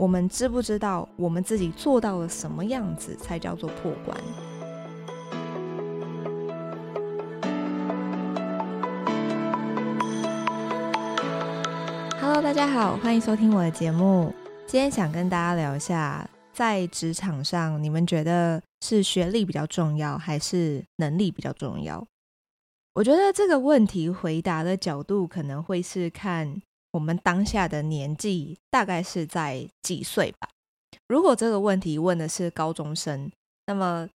我們知不知道我們自己做到了什麼樣子才叫做破關？Hello，大家好，歡迎收聽我的節目。今天想跟大家聊一下，在職場上，你們覺得是學歷比較重要，還是能力比較重要？我覺得這個問題回答的角度可能會是看。我們當下的年紀大概是在幾歲吧？如果這個問題問的是高中生，那麼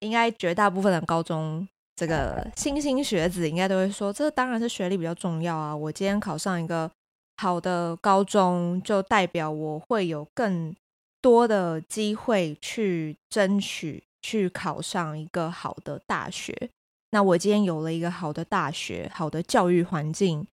應該絕大部分的高中這個莘莘學子應該都會說：這當然是學歷比較重要啊！我今天考上一個好的高中，就代表我會有更多的機會去爭取去考上一個好的大學。那我今天有了一個好的大學，好的教育環境。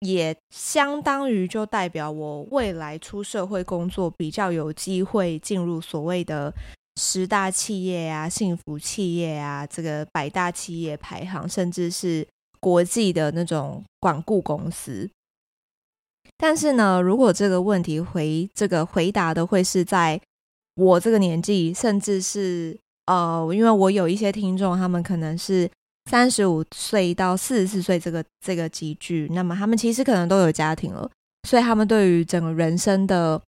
也相當於就代表我未來出社會工作比較有機會進入所謂的十大企業啊、幸福企業啊、這個百大企業排行，甚至是國際的那種管顧公司。但是呢，如果這個問題回這個回答的會是在我這個年紀，甚至是呃，因為我有一些聽眾，他們可能是。三十五歲到四十四歲這個這個級距，那麼他們其實可能都有家庭了，所以他們對於整個人生的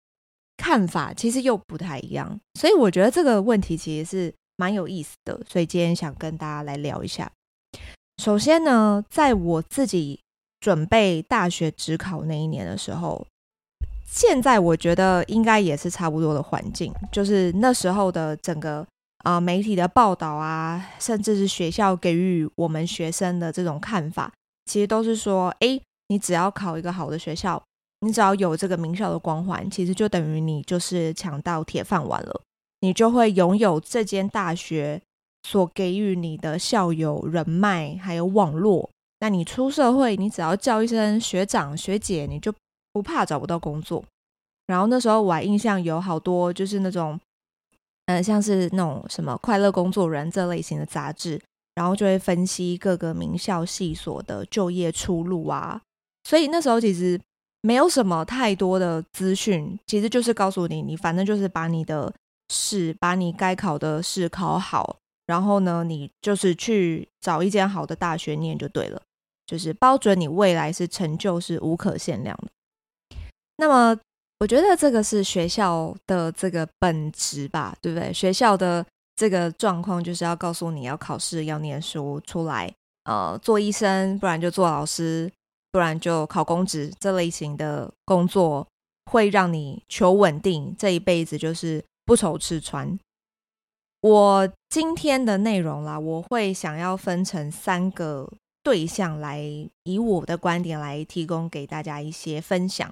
看法其實又不太一樣。所以我覺得這個問題其實是蠻有意思的，所以今天想跟大家來聊一下。首先呢，在我自己準備大學指考那一年的時候，現在我覺得應該也是差不多的環境，就是那時候的整個。啊、呃，媒體的報道啊，甚至是學校給予我們學生的這種看法，其實都是說：哎，你只要考一個好的學校，你只要有這個名校的光環，其實就等於你就是搶到鐵飯碗了。你就會擁有這間大學所給予你的校友人脈還有網絡。那你出社會，你只要叫一聲學長學姐，你就不怕找不到工作。然後那時候我還印象有好多就是那種。嗯，像是那種什麼快樂工作人這類型的雜誌，然後就會分析各個名校系所的就業出路啊。所以那時候其實沒有什麼太多的資訊，其實就是告訴你，你反正就是把你的試，把你該考的試考好，然後呢，你就是去找一間好的大學念就對了，就是包准你未來是成就是無可限量的。那麼。我覺得這個是學校的這個本質吧，對不對？學校的這個狀況就是要告訴你要考試，要念書出來，呃，做醫生，不然就做老師，不然就考公職，這類型的工作會讓你求穩定，這一輩子就是不愁吃穿。我今天的內容啦，我會想要分成三個對象來，以我的觀點來提供給大家一些分享。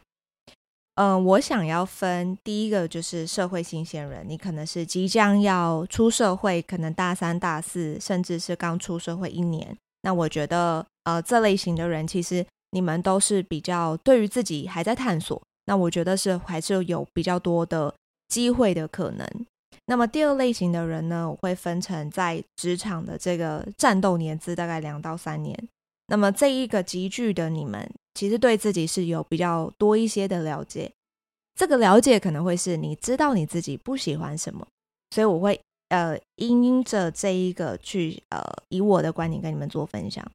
嗯、呃，我想要分第一個就是社會新鮮人，你可能是即將要出社會，可能大三、大四，甚至是剛出社會一年。那我覺得，呃，這類型的人其實你們都是比較對於自己還在探索。那我覺得是還是有比較多的機會的可能。那麼第二類型的人呢，我會分成在職場的這個戰鬥年資大概兩到三年。那麼這一個集聚的你們。其實對自己是有比較多一些的了解，這個了解可能會是你知道你自己不喜歡什麼，所以我會呃，因着這一個去呃，以我的觀點跟你們做分享。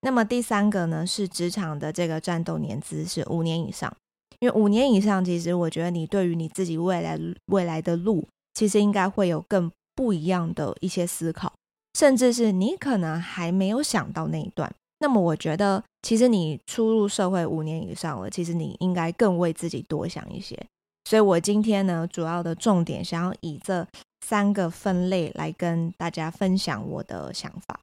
那麼第三個呢，是職場的這個戰鬥年資是五年以上，因為五年以上，其實我覺得你對於你自己未來未來的路，其實應該會有更不一樣的一些思考，甚至是你可能還沒有想到那一段。那麼，我覺得其實你初入社會五年以上了，其實你應該更為自己多想一些。所以，我今天呢，主要的重點想要以這三個分類來跟大家分享我的想法。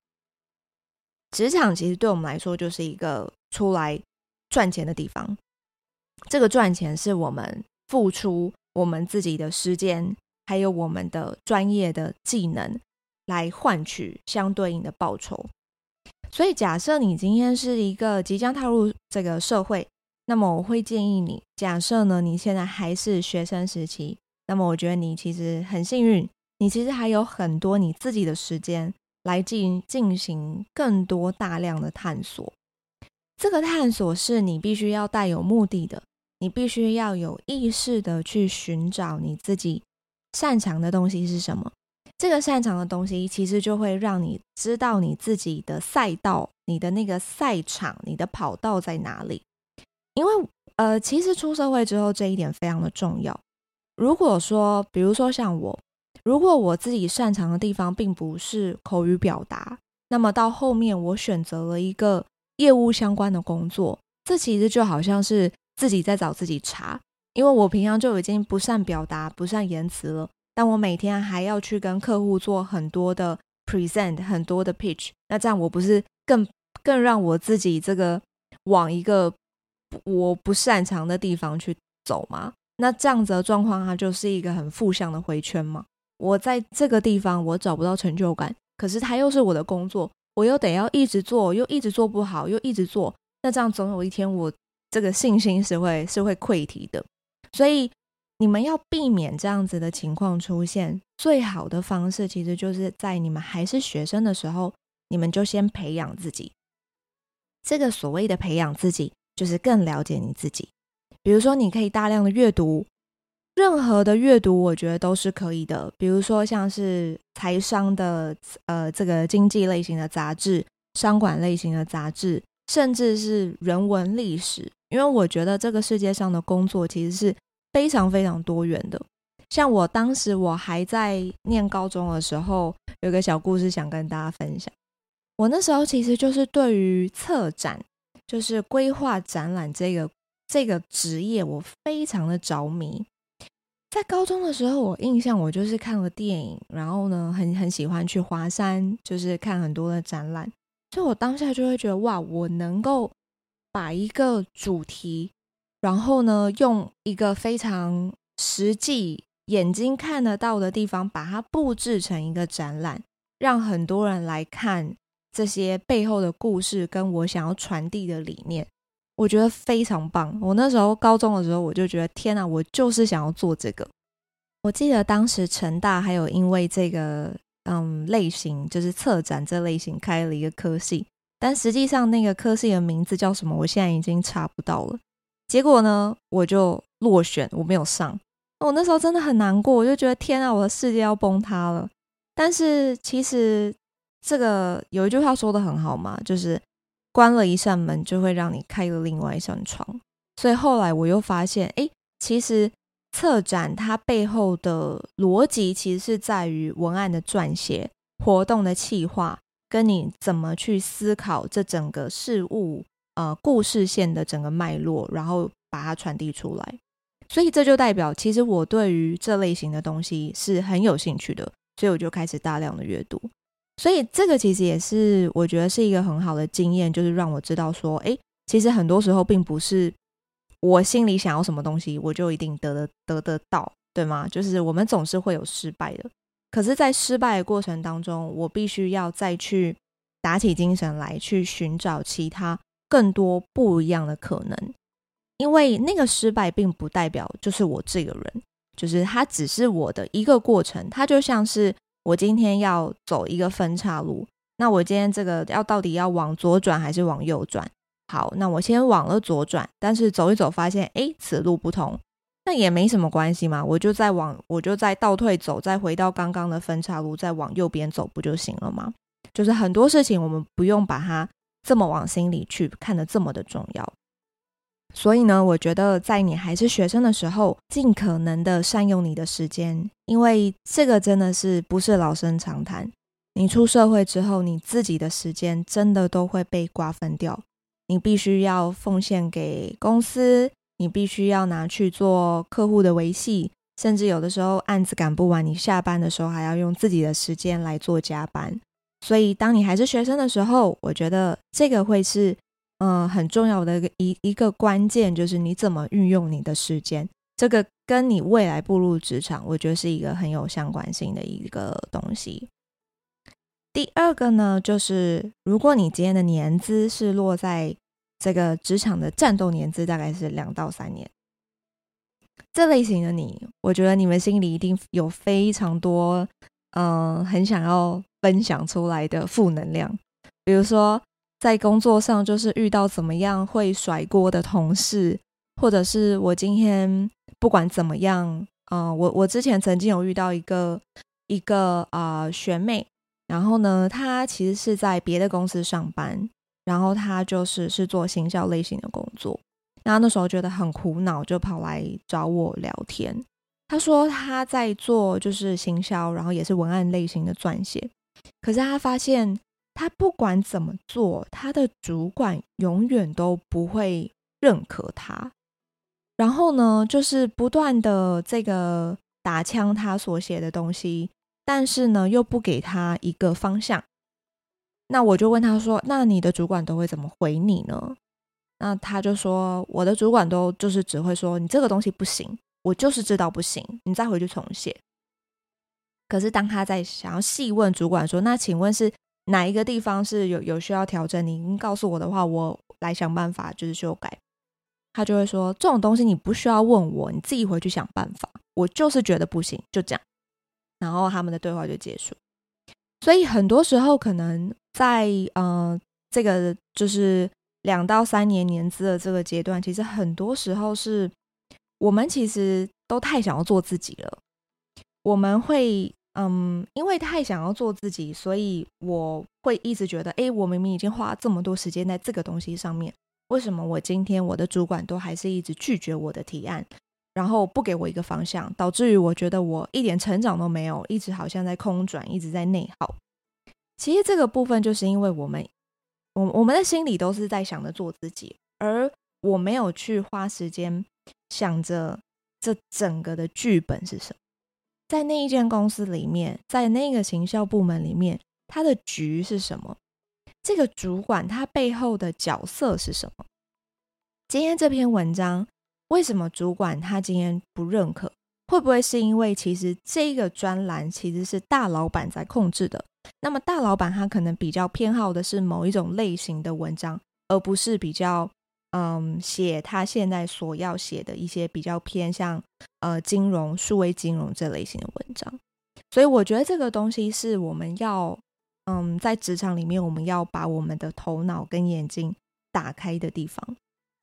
職場其實對我們來說，就是一個出來賺錢的地方。這個賺錢是我們付出我們自己的時間，還有我們的專業的技能來換取相對應的報酬。所以，假設你今天是一個即將踏入這個社會，那麼我會建議你，假設呢，你現在還是學生時期，那麼我覺得你其實很幸運，你其實還有很多你自己的時間來進進行更多大量的探索。這個探索是你必須要帶有目的的，你必須要有意識的去尋找你自己擅長的東西是什麼？這個擅長的東西，其實就會讓你知道你自己的賽道、你的那個賽場、你的跑道在哪裡。因為，呃，其實出社會之後，這一點非常的重要。如果說，比如說像我，如果我自己擅長的地方並不是口語表達，那麼到後面我選擇了一個業務相關的工作，這其實就好像是自己在找自己茬，因為我平常就已經不善表達、不善言辭了。但我每天還要去跟客戶做很多的 present，很多的 pitch，那這樣我不是更更讓我自己這個往一個我不擅長的地方去走嗎？那這樣子的狀況，它就是一個很負向的回圈嘛。我在這個地方我找不到成就感，可是它又是我的工作，我又得要一直做，又一直做不好，又一直做，那這樣總有一天我這個信心是會是會潰堤的，所以。你們要避免這樣子的情況出現，最好的方式其實就是在你們還是學生的時候，你們就先培養自己。這個所謂的培養自己，就是更了解你自己。比如說，你可以大量的閱讀，任何的閱讀，我覺得都是可以的。比如說，像是財商的，呃，這個經濟類型的雜誌、商管類型的雜誌，甚至是人文歷史，因為我覺得這個世界上的工作其實是。非常非常多元的。像我當時我還在念高中的時候，有個小故事想跟大家分享。我那時候其實就是對於策展，就是規劃展覽這個這個職業，我非常的着迷。在高中的時候，我印象我就是看了電影，然後呢，很很喜歡去華山，就是看很多的展覽。所以，我當下就會覺得，哇，我能夠把一個主題。然後呢，用一個非常實際、眼睛看得到的地方，把它布置成一個展覽，讓很多人來看這些背後的故事，跟我想要傳遞的理念，我覺得非常棒。我那時候高中的時候，我就覺得天吶，我就是想要做這個。我記得當時成大還有因為這個，嗯，類型，就是策展這類型，開了一個科系，但實際上那個科系的名字叫什麼，我現在已經查不到了。結果呢，我就落選，我沒有上。我、哦、那時候真的很難過，我就覺得天啊，我的世界要崩塌了。但是其實這個有一句話說得很好嘛，就是關了一扇門，就會讓你開了另外一扇窗。所以後來我又發現，哎，其實策展它背後的邏輯其實是在於文案的撰寫、活動的企劃，跟你怎麼去思考這整個事物。呃，故事線的整個脈絡，然後把它傳遞出來，所以這就代表，其實我對於這類型的東西是很有興趣的，所以我就開始大量的閱讀。所以這個其實也是我覺得是一個很好的經驗，就是讓我知道說，誒，其實很多時候並不是我心裡想要什麼東西，我就一定得得，得得到，對嗎？就是我們總是會有失敗的，可是，在失敗的過程當中，我必須要再去打起精神來，去尋找其他。更多不一樣的可能，因為那個失敗並不代表就是我這個人，就是它只是我的一個過程。它就像是我今天要走一個分岔路，那我今天這個要到底要往左轉還是往右轉？好，那我先往了左轉，但是走一走發現，誒，此路不通，那也沒什麼關係嘛，我就再往，我就再倒退走，再回到剛剛的分岔路，再往右邊走不就行了嗎？就是很多事情我們不用把它這麼往心裡去，看得這麼的重要，所以呢，我覺得在你還是學生的時候，儘可能的善用你的時間，因為這個真的是不是老生常談。你出社會之後，你自己的時間真的都會被瓜分掉，你必須要奉獻給公司，你必須要拿去做客戶的維繫，甚至有的時候案子趕不完，你下班的時候還要用自己的時間來做加班。所以，當你還是學生的時候，我覺得這個會是，嗯、呃，很重要的一個一個關鍵，就是你怎麼運用你的時間。這個跟你未來步入職場，我覺得是一個很有相關性的一個東西。第二個呢，就是如果你今天的年資是落在這個職場的戰鬥年資，大概是兩到三年，這類型的你，我覺得你們心裡一定有非常多。嗯、呃，很想要分享出來的負能量，比如說在工作上就是遇到怎麼樣會甩鍋的同事，或者是我今天不管怎麼樣，嗯、呃，我我之前曾經有遇到一個一個啊、呃、學妹，然後呢，她其實是在別的公司上班，然後她就是是做行銷類型的工作，那那時候覺得很苦惱，就跑來找我聊天。他說他在做就是行銷，然後也是文案類型的撰寫，可是他發現他不管怎麼做，他的主管永遠都不會認可他。然後呢，就是不斷的這個打槍他所寫的東西，但是呢又不給他一個方向。那我就問他說：“那你的主管都會怎麼回你呢？”那他就說：“我的主管都就是只會說你這個東西不行。”我就是知道不行，你再回去重寫。可是當他在想要細問主管說：“那請問是哪一個地方是有有需要調整？您告訴我的話，我來想辦法就是修改。”他就會說：“這種東西你不需要問我，你自己回去想辦法。”我就是覺得不行，就這樣。然後他們的對話就結束。所以很多時候，可能在嗯、呃，這個就是兩到三年年資的這個階段，其實很多時候是。我們其實都太想要做自己了，我們會嗯，因為太想要做自己，所以我會一直覺得，哎，我明明已經花了這麼多時間在這個東西上面，為什麼我今天我的主管都還是一直拒絕我的提案，然後不給我一個方向，導致於我覺得我一點成長都沒有，一直好像在空轉，一直在內耗。其實這個部分就是因為我們，我我們的心裡都是在想着做自己，而我沒有去花時間。想着這整個的劇本是什麼？在那一間公司裡面，在那個行銷部門裡面，他的局是什麼？這個主管他背後的角色是什麼？今天這篇文章，為什麼主管他今天不認可？會不會是因為其實這個專欄其實是大老板在控制的？那麼大老板他可能比較偏好的是某一種類型的文章，而不是比較。嗯，寫他現在所要寫的一些比較偏向呃金融、數位金融這類型的文章，所以我覺得這個東西是我們要嗯在職場裡面我們要把我們的頭腦跟眼睛打開的地方。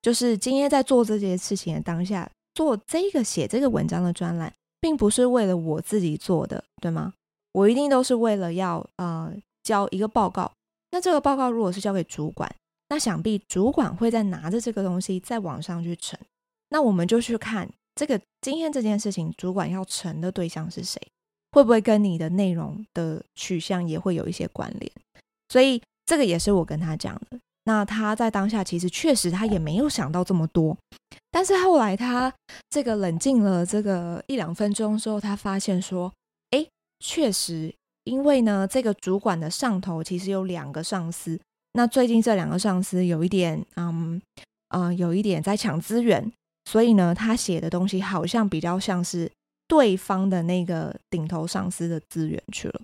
就是今天在做這些事情的當下，做這個寫這個文章的專欄，並不是為了我自己做的，對嗎？我一定都是為了要呃交一個報告。那這個報告如果是交給主管，那想必主管會在拿着這個東西再往上去呈，那我們就去看這個今天這件事情，主管要呈的對象是誰，會不會跟你的內容的取向也會有一些關聯？所以這個也是我跟他講的。那他在當下其實確實他也沒有想到這麼多，但是後來他這個冷靜了這個一兩分鐘之後，他發現說，哎，確實，因為呢，這個主管的上頭其實有兩個上司。那最近這兩個上司有一點，嗯，呃，有一點在搶資源，所以呢，他寫的東西好像比較像是對方的那個頂頭上司的資源去了，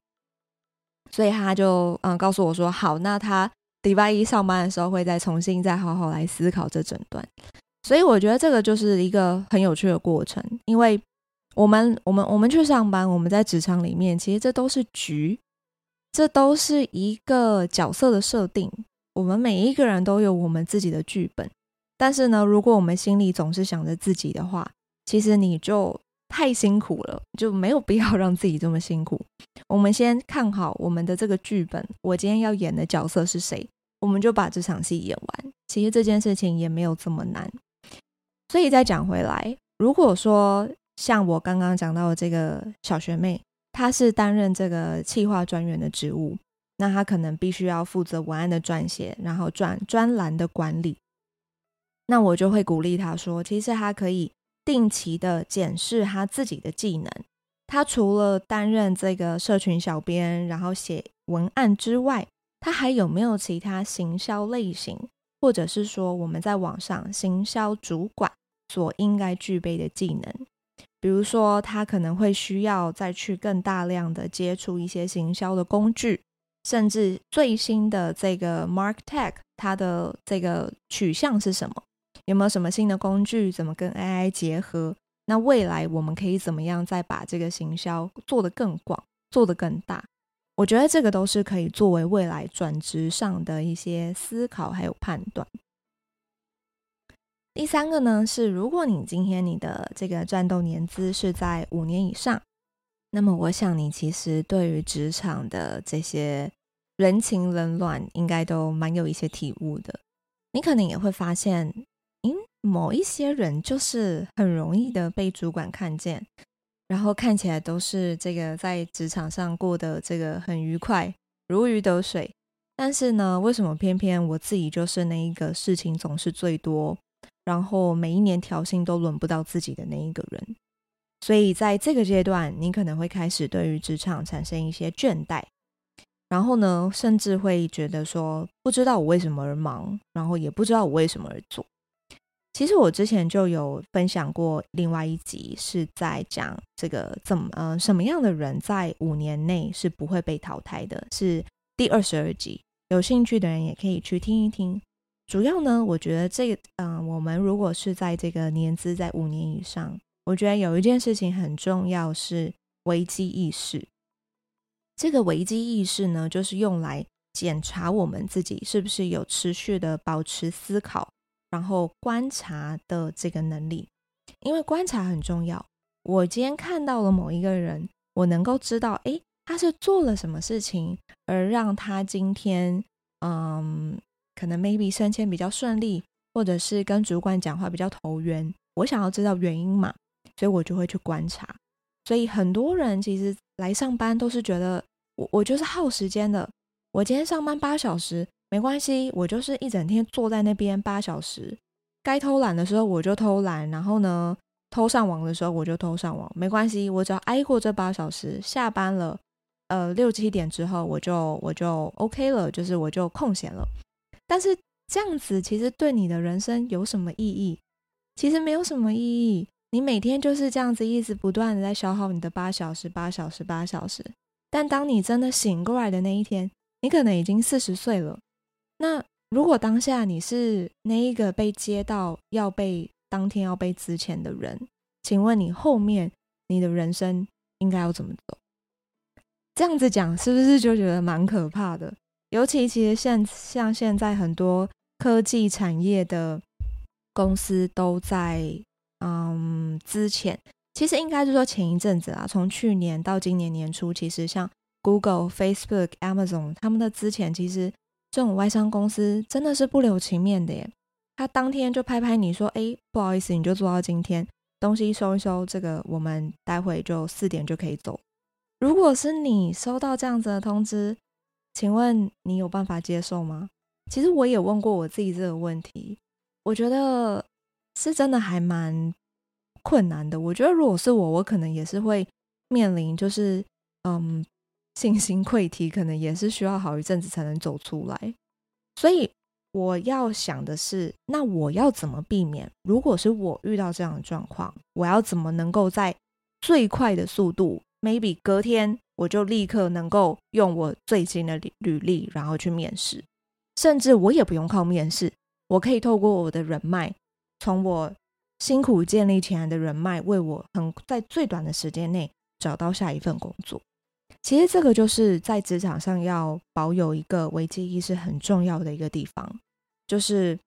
所以他就嗯、呃、告訴我說：“好，那他禮拜一上班的時候會再重新再好好來思考這整段。”所以我覺得這個就是一個很有趣的過程，因為我們我們我們去上班，我們在職場裡面，其實這都是局。這都是一個角色的設定，我們每一個人都有我們自己的劇本。但是呢，如果我們心裡總是想着自己的話，其實你就太辛苦了，就沒有必要讓自己這麼辛苦。我們先看好我們的這個劇本，我今天要演的角色是誰，我們就把這場戲演完。其實這件事情也沒有這麼難。所以再講回來，如果說像我剛剛講到的這個小學妹。他是擔任這個企劃專員的職務，那他可能必須要負責文案的撰寫，然後專專欄的管理。那我就會鼓勵他說，其實他可以定期的檢視他自己的技能。他除了擔任這個社群小編，然後寫文案之外，他還有沒有其他行銷類型，或者是說我們在網上行銷主管所應該具備的技能？比如說，他可能會需要再去更大量的接觸一些行銷的工具，甚至最新的這個 MarkTech，它的這個取向是什麼？有沒有什麼新的工具？怎麼跟 AI 結合？那未來我們可以怎麼樣再把這個行銷做得更廣、做得更大？我覺得這個都是可以作為未來轉職上的一些思考還有判斷。第三個呢是，如果你今天你的這個戰鬥年資是在五年以上，那麼我想你其實對於職場的這些人情冷暖應該都蠻有一些體悟的。你可能也會發現，嗯，某一些人就是很容易的被主管看見，然後看起來都是這個在職場上過得這個很愉快，如魚得水。但是呢，為什麼偏偏我自己就是那一個事情總是最多？然後每一年調薪都輪不到自己的那一個人，所以在這個階段，你可能會開始對於職場產生一些倦怠，然後呢，甚至會覺得說，不知道我為什麼而忙，然後也不知道我為什麼而做。其實我之前就有分享過，另外一集是在講這個怎麼呃什麼樣的人在五年內是不會被淘汰的，是第二十二集，有興趣的人也可以去聽一聽。主要呢，我覺得這個，嗯，我們如果是在這個年資在五年以上，我覺得有一件事情很重要，是危機意識。這個危機意識呢，就是用來檢查我們自己是不是有持續的保持思考，然後觀察的這個能力。因為觀察很重要。我今天看到了某一個人，我能夠知道，哎，他是做了什麼事情，而讓他今天，嗯。可能 maybe 升遷比較順利，或者是跟主管講話比較投緣，我想要知道原因嘛，所以我就會去觀察。所以很多人其實來上班都是覺得我我就是耗時間的。我今天上班八小時，沒關係，我就是一整天坐在那邊八小時，該偷懶的時候我就偷懶，然後呢，偷上網的時候我就偷上網，沒關係，我只要挨過這八小時，下班了，呃，六七點之後我就我就 OK 了，就是我就空閒了。但是這樣子其實對你的人生有什麼意義？其實沒有什麼意義。你每天就是這樣子，一直不斷的在消耗你的八小時、八小時、八小時。但當你真的醒過來的那一天，你可能已經四十歲了。那如果當下你是那一個被接到要被當天要被資遣的人，請問你後面你的人生應該要怎麼走？這樣子講是不是就覺得蠻可怕的？尤其其實現像現在很多科技產業的公司都在嗯資遣，其實應該是說前一陣子啊，從去年到今年年初，其實像 Google、Facebook、Amazon 他們的資遣，其實這種外商公司真的是不留情面的耶。他當天就拍拍你說：“哎、欸，不好意思，你就做到今天，東西收一收，這個我們待會就四點就可以走。”如果是你收到這樣子的通知，請問你有辦法接受嗎？其實我也問過我自己這個問題，我覺得是真的還蠻困難的。我覺得如果是我，我可能也是會面臨，就是嗯，信心潰堤，可能也是需要好一陣子才能走出來。所以我要想的是，那我要怎麼避免？如果是我遇到這樣的狀況，我要怎麼能夠在最快的速度，maybe 隔天？我就立刻能夠用我最新的履歷，然後去面試，甚至我也不用靠面試，我可以透過我的人脈，從我辛苦建立起來的人脈，為我很在最短的時間內找到下一份工作。其實這個就是在職場上要保有一個危機意識很重要的一個地方，就是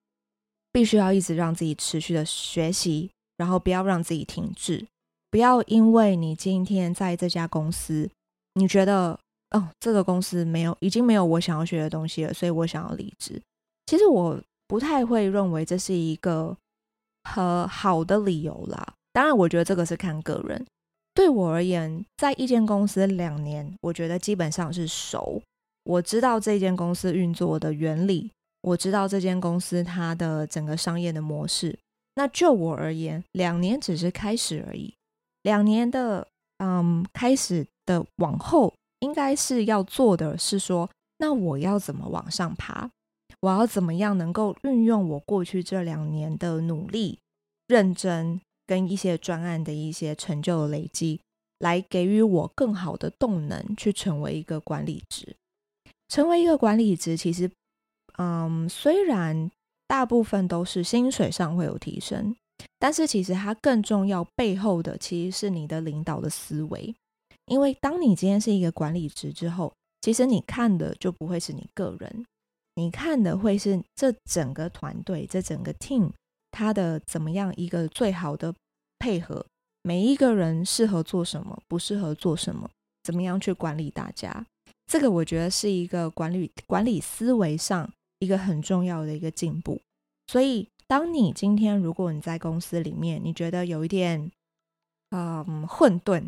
必須要一直讓自己持續的學習，然後不要讓自己停滯，不要因為你今天在這家公司，你覺得，哦，這個公司沒有，已經沒有我想要學的東西了，所以我想要離職。其實我不太會認為這是一個很好的理由啦。當然，我覺得這個是看個人。對我而言，在一間公司兩年，我覺得基本上是熟，我知道這間公司運作的原理，我知道這間公司它的整個商業的模式。那就我而言，兩年只是開始而已。兩年的，嗯，開始。的往後應該是要做的是說，那我要怎麼往上爬？我要怎麼樣能夠運用我過去這兩年的努力、認真跟一些專案的一些成就的累積，來給予我更好的動能，去成為一個管理職。成為一個管理職，其實，嗯，雖然大部分都是薪水上會有提升，但是其實它更重要背後的其實是你的領導的思維。因為當你今天是一個管理職之後，其實你看的就不會是你個人，你看的會是這整個團隊，這整個 team 它的怎麼樣一個最好的配合，每一個人適合做什麼，不適合做什麼，怎麼樣去管理大家，這個我覺得是一個管理管理思維上一個很重要的一個進步。所以，當你今天如果你在公司裡面，你覺得有一點。嗯，混沌。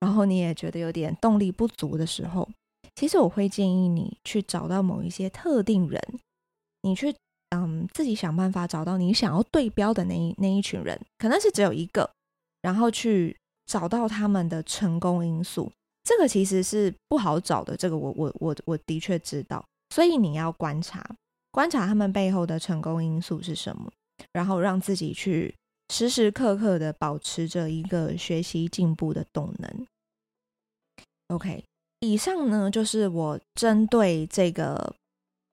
然後你也覺得有點動力不足的時候，其實我會建議你去找到某一些特定人，你去嗯自己想辦法找到你想要對標的那一那一群人，可能是只有一個，然後去找到他們的成功因素。這個其實是不好找的，這個我我我我的確知道。所以你要觀察，觀察他們背後的成功因素是什麼，然後讓自己去。時時刻刻的保持着一個學習進步的動能。OK，以上呢就是我針對這個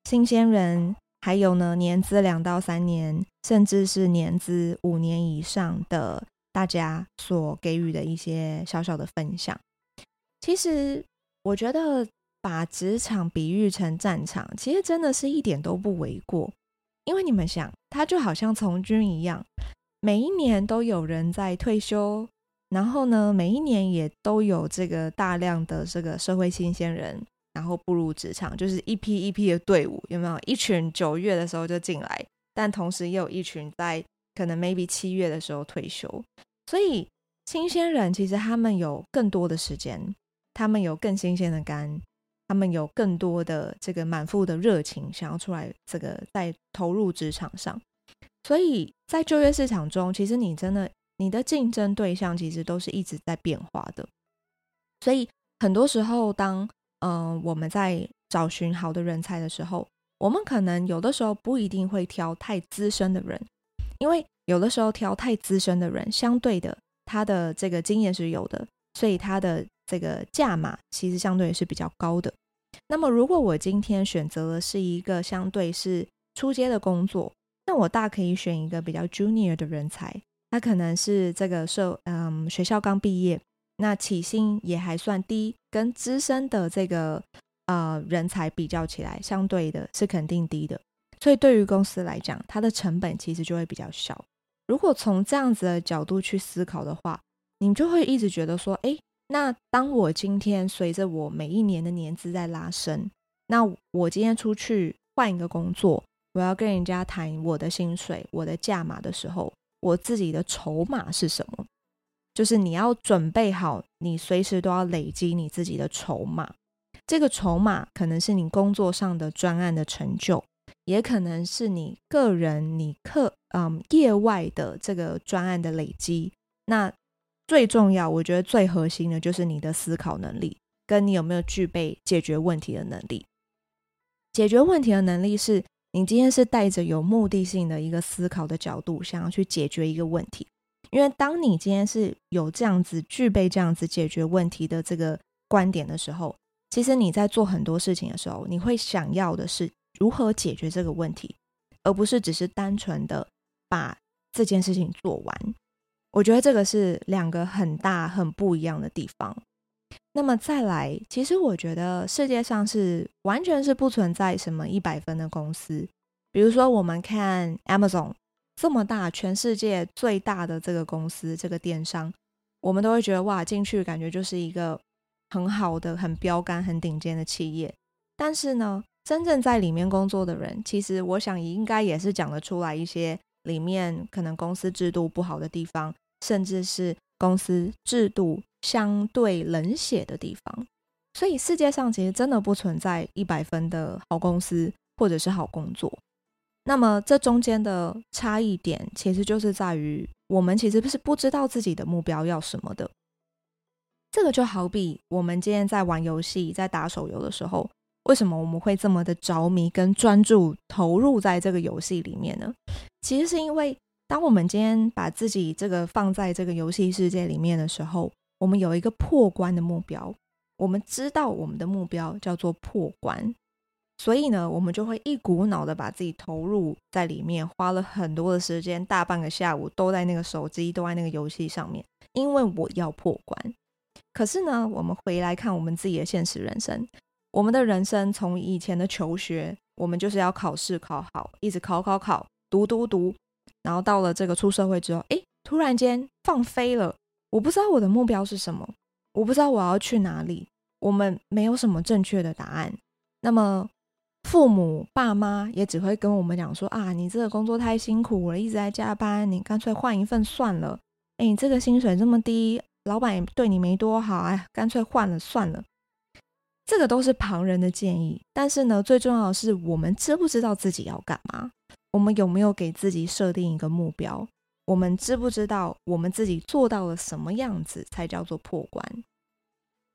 新鮮人，還有呢年資兩到三年，甚至是年資五年以上的大家所給予的一些小小的分享。其實我覺得把職場比喻成戰場，其實真的是一點都不為過，因為你們想，他就好像從軍一樣。每一年都有人在退休，然後呢，每一年也都有這個大量的這個社會新鮮人，然後步入職場，就是一批一批的隊伍，有沒有？一群九月的時候就進來，但同時也有一群在可能 maybe 七月的時候退休，所以新鮮人其實他們有更多的時間，他們有更新鮮的肝，他們有更多的這個滿腹的熱情，想要出來這個在投入職場上。所以在就業市場中，其實你真的你的競爭對象其實都是一直在變化的。所以很多時候當，當、呃、嗯，我們在找尋好的人才的時候，我們可能有的時候不一定會挑太資深的人，因為有的時候挑太資深的人，相對的他的這個經驗是有的，所以他的這個價碼其實相對是比較高的。那麼如果我今天選擇的是一個相對是初階的工作。那我大可以選一個比較 junior 的人才，他可能是這個社嗯學校剛畢業，那起薪也還算低，跟資深的這個呃人才比較起來，相對的是肯定低的。所以對於公司來講，它的成本其實就會比較小。如果從這樣子的角度去思考的話，你們就會一直覺得說，誒、欸，那當我今天隨着我每一年的年資在拉升，那我今天出去換一個工作。我要跟人家談我的薪水、我的價碼的時候，我自己的籌碼是什麼？就是你要準備好，你隨時都要累積你自己的籌碼。這個籌碼可能是你工作上的專案的成就，也可能是你個人、你課，嗯，業外的這個專案的累積。那最重要，我覺得最核心的就是你的思考能力，跟你有沒有具備解決問題的能力。解決問題的能力是。你今天是帶着有目的性的一個思考的角度，想要去解決一個問題。因為當你今天是有這樣子具備這樣子解決問題的這個觀點的時候，其實你在做很多事情的時候，你會想要的是如何解決這個問題，而不是只是單純的把這件事情做完。我覺得這個是兩個很大很不一樣的地方。那麼再來，其實我覺得世界上是完全是不存在什麼一百分的公司。比如說，我們看 Amazon 這麼大，全世界最大的這個公司，這個電商，我們都會覺得哇，進去感覺就是一個很好的、很標杆、很頂尖的企業。但是呢，真正在裡面工作的人，其實我想應該也是講得出來一些裡面可能公司制度不好的地方，甚至是公司制度，相對冷血的地方，所以世界上其實真的不存在一百分的好公司或者是好工作。那麼這中間的差異點，其實就是在於我們其實是不知道自己的目標要什麼的。這個就好比我們今天在玩遊戲，在打手遊的時候，為什麼我們會這麼的着迷跟專注投入在這個遊戲裡面呢？其實是因為當我們今天把自己這個放在這個遊戲世界裡面的時候，我們有一個破關的目標，我們知道我們的目標叫做破關，所以呢，我們就會一股腦的把自己投入在裡面，花了很多的時間，大半個下午都在那個手機、都在那個遊戲上面，因為我要破關。可是呢，我們回來看我們自己的現實人生，我們的人生從以前的求學，我們就是要考試考好，一直考考考，讀讀讀，然後到了這個出社會之後，誒，突然間放飛了。我不知道我的目標是什麼，我不知道我要去哪裡。我們沒有什麼正確的答案。那麼父母爸媽也只會跟我們講說啊，你這個工作太辛苦了，一直在加班，你乾脆換一份算了。哎、欸，你這個薪水這麼低，老闆也對你沒多好，哎，乾脆換了算了。這個都是旁人的建議。但是呢，最重要的是，我們知不知道自己要幹嘛？我們有沒有給自己設定一個目標？我們知不知道我們自己做到了什麼樣子才叫做破關？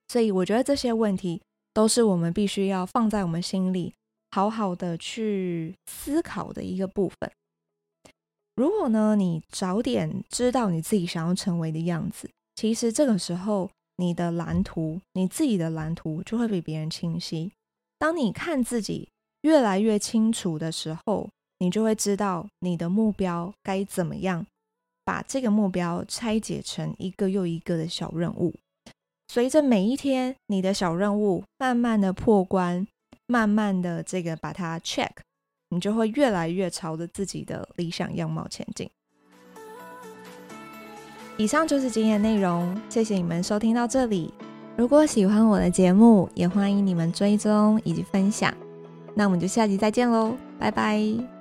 所以我覺得這些問題都是我們必須要放在我們心裡，好好的去思考的一個部分。如果呢，你早點知道你自己想要成為的樣子，其實這個時候你的藍圖，你自己的藍圖就會比別人清晰。當你看自己越來越清楚的時候，你就會知道你的目標該怎麼樣。把這個目標拆解成一個又一個的小任務，隨着每一天你的小任務慢慢的破關，慢慢的這個把它 check，你就會越來越朝着自己的理想樣貌前進。以上就是今天的內容，謝謝你們收聽到這裡。如果喜歡我的節目，也歡迎你們追蹤以及分享。那我們就下集再見嘍，拜拜。